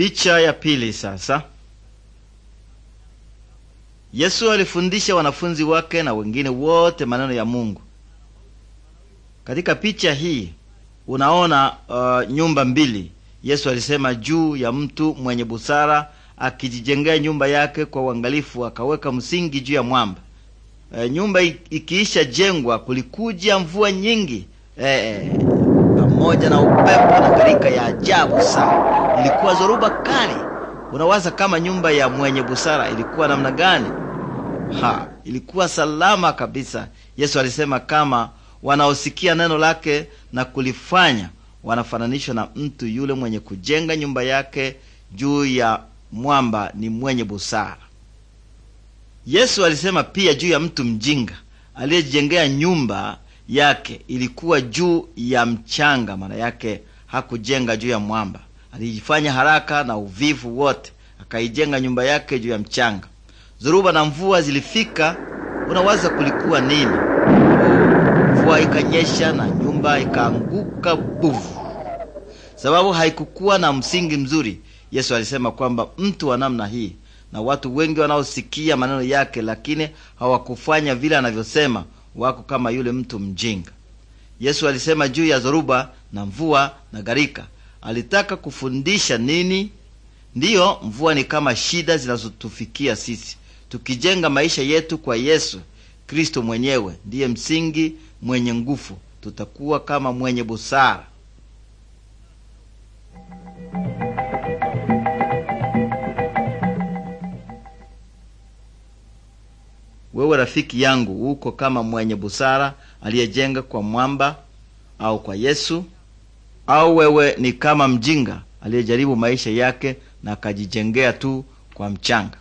Picha ya pili sasa. Yesu alifundisha wanafunzi wake na wengine wote maneno ya Mungu. Katika picha hii unaona uh, nyumba mbili. Yesu alisema juu ya mtu mwenye busara akijijengea nyumba yake kwa uangalifu, akaweka msingi juu ya mwamba. E, nyumba ikiisha jengwa, kulikuja mvua nyingi e, pamoja na upepo na gharika ya ajabu sana ilikuwa zoruba kali. Unawaza kama nyumba ya mwenye busara ilikuwa namna gani? Ha, ilikuwa salama kabisa. Yesu alisema kama wanaosikia neno lake na kulifanya wanafananishwa na mtu yule mwenye kujenga nyumba yake juu ya mwamba, ni mwenye busara. Yesu alisema pia juu ya mtu mjinga aliyejengea nyumba yake ilikuwa juu ya mchanga, maana yake hakujenga juu ya mwamba alijifanya haraka na uvivu wote, akaijenga nyumba yake juu ya mchanga. Dhoruba na mvua zilifika. Unawaza kulikuwa nini? Mvua ikanyesha na nyumba ikaanguka buvu, sababu haikukuwa na msingi mzuri. Yesu alisema kwamba mtu wa namna hii na watu wengi wanaosikia maneno yake lakini hawakufanya vile anavyosema, wako kama yule mtu mjinga. Yesu alisema juu ya dhoruba na mvua na gharika, alitaka kufundisha nini? Ndiyo, mvua ni kama shida zinazotufikia sisi. Tukijenga maisha yetu kwa Yesu Kristo mwenyewe ndiye msingi mwenye nguvu, tutakuwa kama mwenye busara. Wewe rafiki yangu, uko kama mwenye busara aliyejenga kwa mwamba au kwa Yesu? au wewe ni kama mjinga aliyejaribu maisha yake na akajijengea tu kwa mchanga?